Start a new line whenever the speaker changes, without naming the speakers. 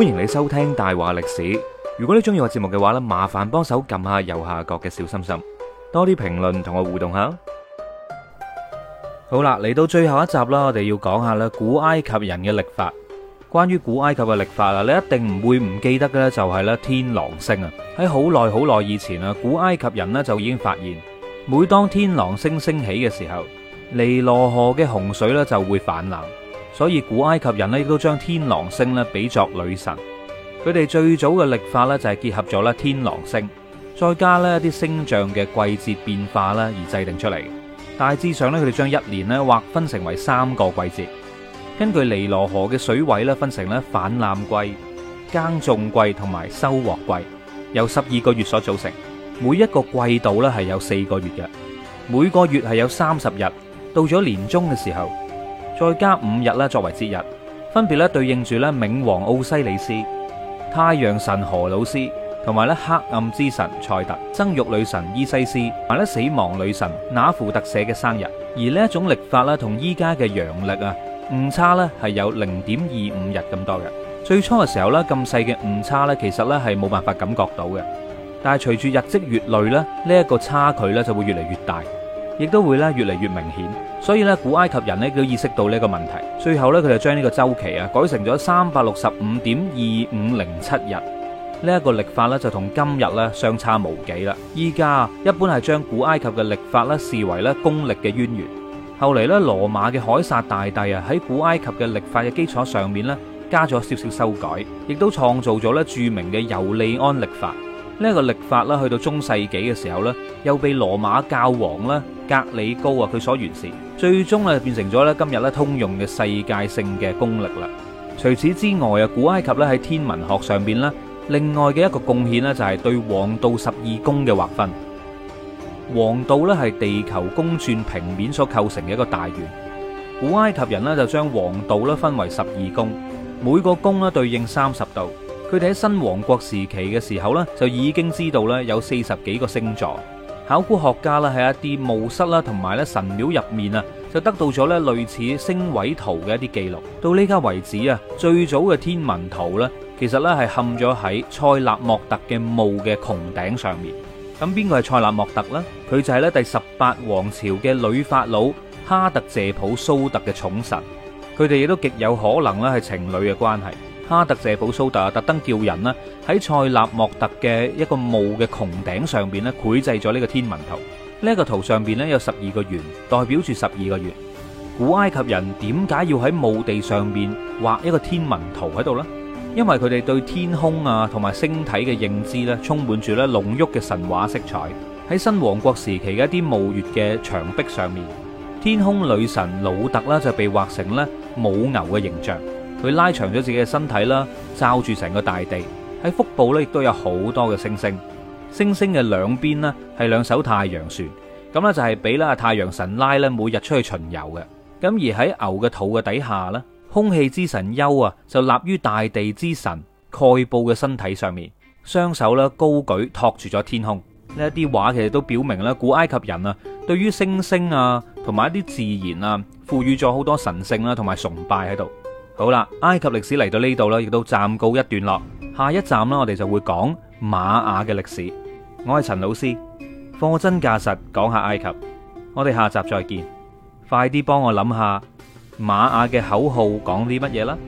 歡迎你收聽大話歷史。如果你中意我節目嘅話呢，麻煩幫手撳下右下角嘅小心心，多啲評論同我互動下。好啦，嚟到最後一集啦，我哋要講下咧古埃及人嘅歷法。關於古埃及嘅歷法啊，你一定唔會唔記得嘅咧，就係咧天狼星啊。喺好耐好耐以前啊，古埃及人呢就已經發現，每當天狼星升起嘅時候，尼羅河嘅洪水呢就會泛濫。所以古埃及人呢，亦都將天狼星咧比作女神。佢哋最早嘅曆法咧就係結合咗咧天狼星，再加咧啲星象嘅季節變化啦，而制定出嚟。大致上咧佢哋將一年呢劃分成為三個季節，根據尼羅河嘅水位咧分成咧泛濫季、耕種季同埋收穫季，由十二個月所組成。每一個季度咧係有四個月嘅，每個月係有三十日。到咗年終嘅時候，再加五日咧，作為節日，分別咧對應住咧冥王奧西里斯、太陽神荷魯斯同埋咧黑暗之神塞特、生育女神伊西斯同埋咧死亡女神那芙特舍嘅生日。而呢一種曆法咧，同依家嘅陽曆啊，誤差咧係有零點二五日咁多嘅。最初嘅時候咧，咁細嘅誤差咧，其實咧係冇辦法感覺到嘅。但係隨住日積月累咧，呢、這、一個差距咧就會越嚟越大。亦都會咧越嚟越明顯，所以咧古埃及人咧都意識到呢個問題，最後咧佢就將呢個周期啊改成咗三百六十五點二五零七日，呢一個曆法咧就同今日咧相差無幾啦。依家一般係將古埃及嘅曆法咧視為咧公曆嘅淵源，後嚟咧羅馬嘅凱撒大帝啊喺古埃及嘅曆法嘅基礎上面咧加咗少少修改，亦都創造咗咧著名嘅尤利安曆法。呢一個曆法啦，去到中世紀嘅時候咧，又被羅馬教皇咧格里高啊佢所完善，最終咧變成咗咧今日咧通用嘅世界性嘅公曆啦。除此之外啊，古埃及咧喺天文學上邊咧，另外嘅一個貢獻咧就係對黃道十二宮嘅劃分。黃道咧係地球公轉平面所構成嘅一個大圓，古埃及人咧就將黃道咧分為十二宮，每個宮咧對應三十度。佢哋喺新王國時期嘅時候呢，就已經知道呢有四十幾個星座。考古學家啦，喺一啲墓室啦，同埋咧神廟入面啊，就得到咗咧類似星位圖嘅一啲記錄。到呢家為止啊，最早嘅天文圖呢，其實呢係嵌咗喺塞納莫特嘅墓嘅穹頂上面。咁邊個係塞納莫特呢？佢就係咧第十八王朝嘅女法老哈特謝普蘇特嘅寵臣。佢哋亦都極有可能咧係情侶嘅關係。哈特謝普蘇特特登叫人咧喺塞納莫特嘅一個墓嘅穹頂上邊咧繪製咗呢個天文圖。呢一個圖上邊咧有十二個圓，代表住十二個月。古埃及人點解要喺墓地上面畫一個天文圖喺度呢？因為佢哋對天空啊同埋星體嘅認知咧充滿住咧濃郁嘅神話色彩。喺新王國時期嘅一啲墓穴嘅牆壁上面，天空女神努特啦就被畫成咧母牛嘅形象。佢拉長咗自己嘅身體啦，罩住成個大地。喺腹部咧，亦都有好多嘅星星。星星嘅兩邊呢，係兩艘太陽船。咁呢，就係俾啦太陽神拉咧，每日出去巡遊嘅。咁而喺牛嘅肚嘅底下呢，空氣之神優啊，就立於大地之神蓋布嘅身體上面，雙手咧高舉托住咗天空。呢一啲畫其實都表明咧，古埃及人啊，對於星星啊同埋一啲自然啊，賦予咗好多神聖啦同埋崇拜喺度。好啦，埃及歷史嚟到呢度啦，亦都暫告一段落。下一站啦，我哋就會講瑪雅嘅歷史。我係陳老師，貨真價實，講下埃及。我哋下集再見。快啲幫我諗下瑪雅嘅口號講啲乜嘢啦！